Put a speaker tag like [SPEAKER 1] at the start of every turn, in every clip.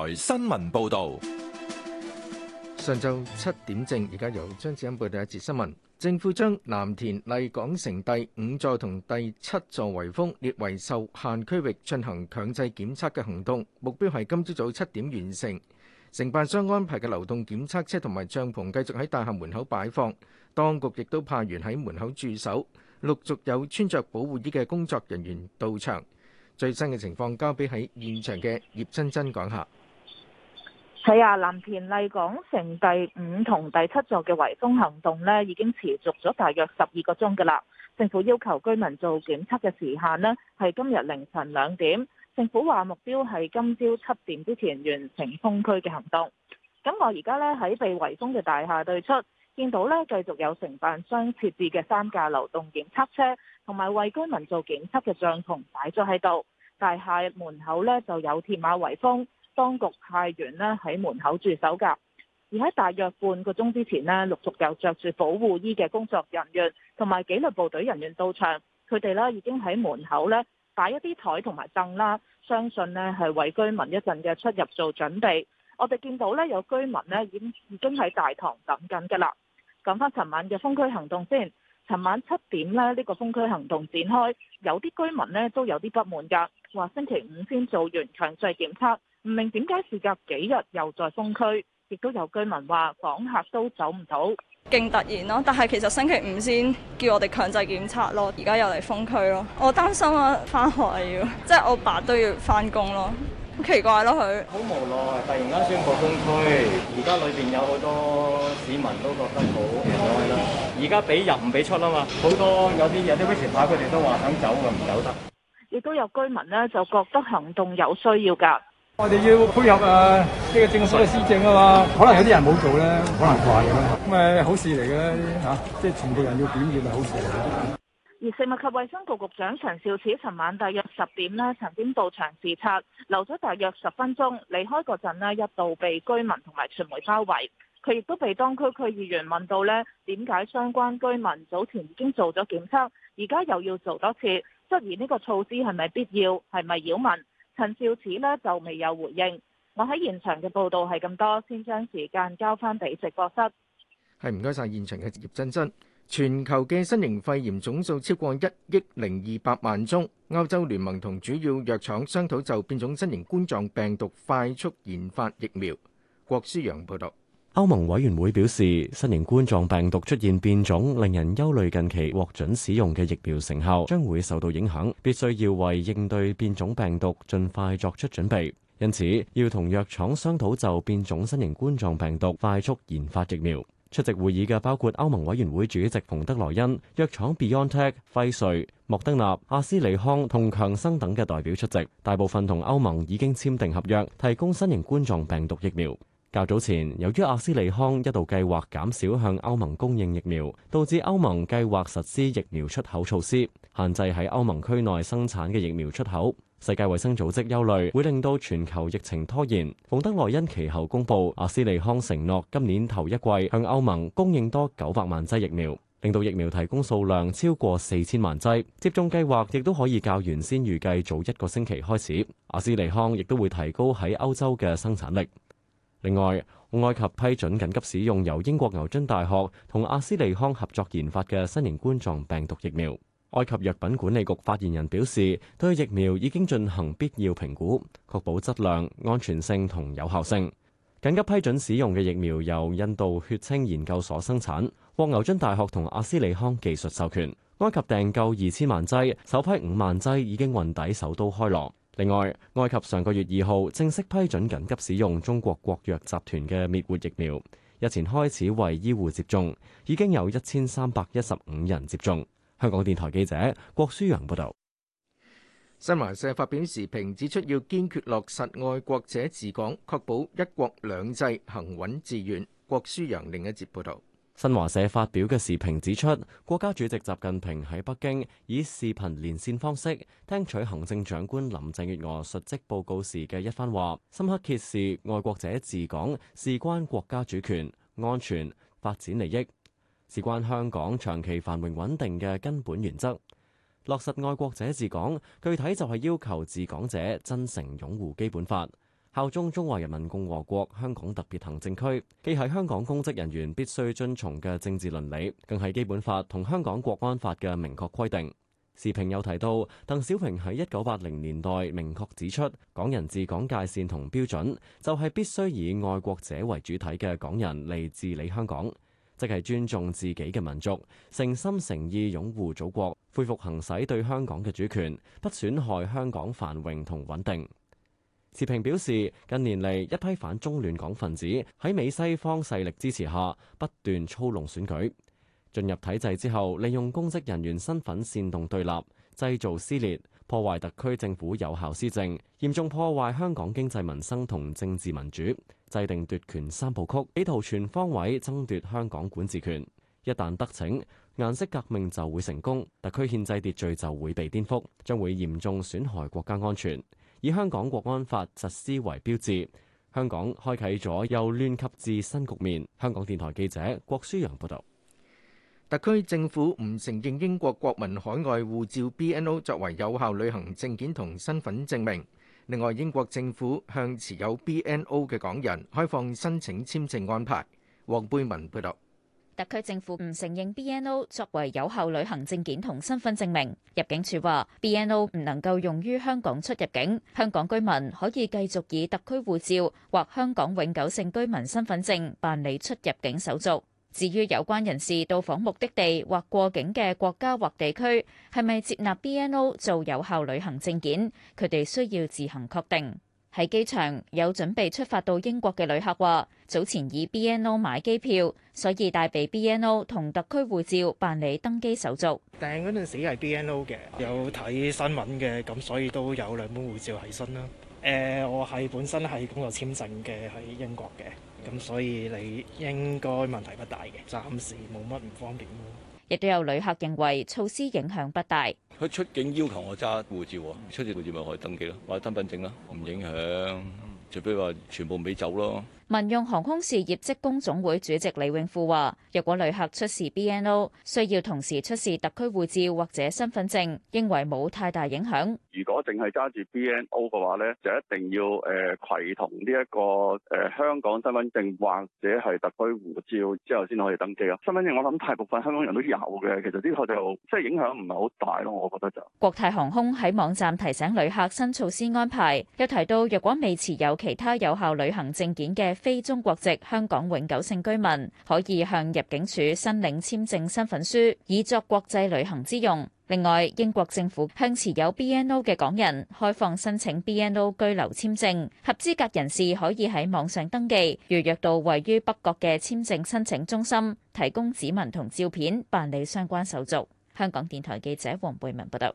[SPEAKER 1] 台新聞報道：上晝七點正，而家由張子欣報第一節新聞。政府將藍田麗港城第五座同第七座圍封列為受限區域，進行強制檢測嘅行動。目標係今朝早七點完成。承辦商安排嘅流動檢測車同埋帳篷繼續喺大廈門口擺放，當局亦都派員喺門口駐守。陸續有穿着保護衣嘅工作人員到場。最新嘅情況交俾喺現場嘅葉真真講下。
[SPEAKER 2] 係啊，藍田麗港城第五同第七座嘅圍封行動咧，已經持續咗大約十二個鐘㗎啦。政府要求居民做檢測嘅時限呢，係今日凌晨兩點。政府話目標係今朝七點之前完成封區嘅行動。咁我而家呢，喺被圍封嘅大廈對出，見到呢繼續有承辦商設置嘅三架流動檢測車，同埋為居民做檢測嘅帳篷擺咗喺度。大廈門口呢，就有鐵馬圍封。當局派員咧喺門口駐守噶，而喺大約半個鐘之前咧，陸續有着住保護衣嘅工作人員同埋紀律部隊人員到場。佢哋咧已經喺門口咧擺一啲枱同埋凳啦，相信咧係為居民一陣嘅出入做準備。我哋見到咧有居民咧已經已經喺大堂等緊㗎啦。講返尋晚嘅封區行動先，尋晚七點咧呢個封區行動展開，有啲居民咧都有啲不滿㗎，話星期五先做完強制檢測。唔明點解事隔幾日又再封區，亦都有居民話訪客都走唔到，勁突然咯。但係其實星期五先叫我哋強制檢測咯，而家又嚟封區咯。我擔心啊，翻學要，即係我爸都要翻工咯。好奇怪咯、啊，佢好無
[SPEAKER 3] 奈，突然間宣布封區，而家裏邊有好多市民都覺得好無奈啦。而家俾入唔俾出啊嘛，好多有啲有啲不時派，佢哋都話想走咪唔走
[SPEAKER 2] 得。亦都有居民呢，就覺得行動有需要㗎。我哋要配
[SPEAKER 1] 合啊，呢、這個政府嘅施政啊嘛，可能有啲人冇做咧，可能怪咁啊，好事嚟
[SPEAKER 2] 嘅吓，啊、即係全部人要檢疫係好事、啊。嚟嘅。而食物及衛生局局長陳肇始，尋晚大約十點咧，曾經到場視察，留咗大約十分鐘，離開嗰陣咧，一度被居民同埋傳媒包圍，佢亦都被當區區議員問到咧，點解相關居民早前已經做咗檢測，而家又要做多次，質疑呢個措施係咪必要，係咪擾民？陳肇始咧就未有回應。我喺現場嘅報道係咁多，先將時間交翻俾直播室。
[SPEAKER 1] 係唔該晒現場嘅葉真真。全球嘅新型肺炎總數超過一億零二百萬宗。歐洲聯盟同主要藥廠商討就變種新型冠狀病毒快速研發疫苗。郭書陽報道。
[SPEAKER 3] 歐盟委員會表示，新型冠狀病毒出現變種，令人憂慮。近期獲准使用嘅疫苗成效將會受到影響，必須要為應對變種病毒盡快作出準備。因此，要同藥廠商討就變種新型冠狀病毒快速研發疫苗。出席會議嘅包括歐盟委員會主席馮德萊恩、藥廠 BioNTech 輝瑞、莫德納、阿斯利康同強生等嘅代表出席。大部分同歐盟已經簽訂合約，提供新型冠狀病毒疫苗。較早前，由於阿斯利康一度計劃減少向歐盟供應疫苗，導致歐盟計劃實施疫苗出口措施，限制喺歐盟區內生產嘅疫苗出口。世界衛生組織憂慮，會令到全球疫情拖延。馮德萊恩其後公布，阿斯利康承諾今年頭一季向歐盟供應多九百萬劑疫苗，令到疫苗提供數量超過四千萬劑。接種計劃亦都可以較原先預計早一個星期開始。阿斯利康亦都會提高喺歐洲嘅生產力。另外，埃及批准緊急使用由英國牛津大學同阿斯利康合作研發嘅新型冠狀病毒疫苗。埃及藥品管理局發言人表示，對疫苗已經進行必要評估，確保質量、安全性同有效性。緊急批准使用嘅疫苗由印度血清研究所生產，獲牛津大學同阿斯利康技術授權。埃及訂購二千萬劑，首批五萬劑已經運抵首都開羅。另外，埃及上個月二號正式批准緊急使用中國國藥集團嘅滅活疫苗，日前開始為醫護接種，已經有一千三百一十五人接種。香港電台記者郭舒洋報導。
[SPEAKER 1] 新華社發表時評指出，要堅決落實愛國者治港，確保一國兩制行穩致遠。郭舒洋另一節報導。
[SPEAKER 3] 新華社發表嘅時評指出，國家主席習近平喺北京以視頻連線方式聽取行政長官林鄭月娥述職報告時嘅一番話，深刻揭示愛國者治港事關國家主權、安全、發展利益，事關香港長期繁榮穩定嘅根本原則。落實愛國者治港，具體就係要求治港者真誠擁護基本法。效忠中華人民共和國香港特別行政區，既係香港公職人員必須遵從嘅政治倫理，更係基本法同香港國安法嘅明確規定。視頻又提到，鄧小平喺一九八零年代明確指出，港人治港界線同標準就係必須以愛國者為主體嘅港人嚟治理香港，即係尊重自己嘅民族，誠心誠意擁護祖國，恢復行使對香港嘅主權，不損害香港繁榮同穩定。持平表示，近年嚟一批反中亂港分子喺美西方勢力支持下，不斷操弄選舉。進入體制之後，利用公職人員身份煽動對立，製造撕裂，破壞特區政府有效施政，嚴重破壞香港經濟民生同政治民主，制定奪權三部曲，企圖全方位爭奪香港管治權。一旦得逞，顏色革命就會成功，特區憲制秩序就會被顛覆，將會嚴重損害國家安全。以香港國安法實施為標誌，香港開啟咗由亂及治新局面。香港電台記者郭書揚報道。特區政府唔承認
[SPEAKER 1] 英國國民海外護照 BNO 作為有效旅行證件同身份證明。另外，英國政府向持有 BNO 嘅港人開放申請簽證安排。黃貝文報道。
[SPEAKER 4] 特區政府唔承認 BNO 作為有效旅行證件同身份證明。入境處話，BNO 唔能夠用於香港出入境，香港居民可以繼續以特區護照或香港永久性居民身份證辦理出入境手續。至於有關人士到訪目的地或過境嘅國家或地區，係咪接納 BNO 做有效旅行證件，佢哋需要自行確定。喺機場有準備出發到英國嘅旅客話，早前以 BNO 買機票，所以帶備 BNO 同特區護照辦理登機手續。
[SPEAKER 1] 訂嗰陣時係 BNO 嘅，有睇新聞嘅，咁所以都有兩本護照喺身啦。誒、呃，我係本身係工作簽證嘅喺英國嘅，咁所以你應該問題不大嘅，暫時冇
[SPEAKER 4] 乜唔方便。亦都有旅客認為措施影響不大。
[SPEAKER 3] 佢出境要求我揸護照，出示護照咪可以登記咯，或者身份證啦，唔影響。除非話全部唔俾走咯。
[SPEAKER 4] 民用航空事業職工總會主席李永富話，若果旅客出示 BNO，需要同時出示特區護照或者身份證，認為冇太大影響。
[SPEAKER 3] 如果淨係揸住 BNO 嘅話咧，就一定要誒攜同呢一個誒香港身份證或者係特區護照之後先可以登機啊。身份證我諗
[SPEAKER 2] 大部分香港人都有嘅，其實呢個就即係影響唔係好大咯。我覺得就
[SPEAKER 4] 國泰航空喺網站提醒旅客新措施安排，又提到若果未持有其他有效旅行證件嘅。非中國籍香港永久性居民可以向入境處申領簽證身份書，以作國際旅行之用。另外，英國政府向持有 B N O 嘅港人開放申請 B N O 居留簽證，合資格人士可以喺網上登記，預約到位於北角嘅簽證申請中心，提供指紋同照片，辦理相關手續。香港電台記者黃貝文報道。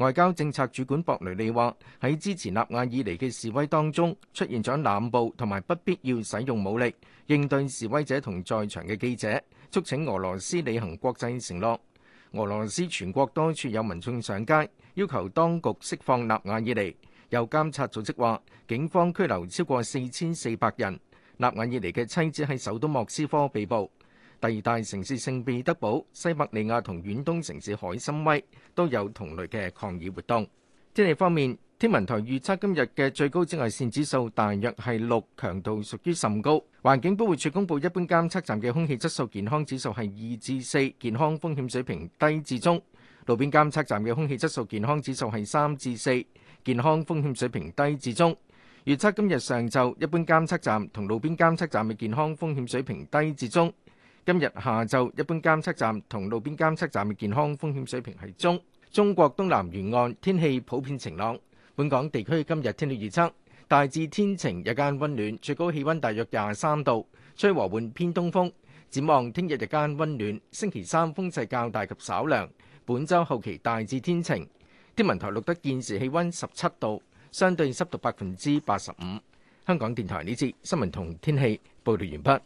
[SPEAKER 1] 外交政策主管博雷利話：喺支持納瓦爾尼嘅示威當中，出現咗濫暴同埋不必要使用武力應對示威者同在場嘅記者，促請俄羅斯履行國際承諾。俄羅斯全國多處有民眾上街要求當局釋放納瓦爾尼。有監察組織話，警方拘留超過四千四百人。納瓦爾尼嘅妻子喺首都莫斯科被捕。第二大城市聖彼得堡、西伯利亞同遠東城市海參崴都有同類嘅抗議活動。天氣方面，天文台預測今日嘅最高紫外線指數大約係六，強度屬於甚高。環境保護署公布一般監測站嘅空氣質素健康指數係二至四，健康風險水平低至中；路邊監測站嘅空氣質素健康指數係三至四，健康風險水平低至中。預測今日上晝一般監測站同路邊監測站嘅健康風險水平低至中。今日下晝一般監測站同路邊監測站嘅健康風險水平係中。中國東南沿岸天氣普遍晴朗。本港地區今日天氣預測大致天晴，日間溫暖，最高氣溫大約廿三度，吹和緩偏東風，展望聽日日間溫暖，星期三風勢較大及稍涼。本週後期大致天晴。天文台錄得現時氣溫十七度，相對濕度百分之八十五。香港電台呢次新聞同天氣報道完畢。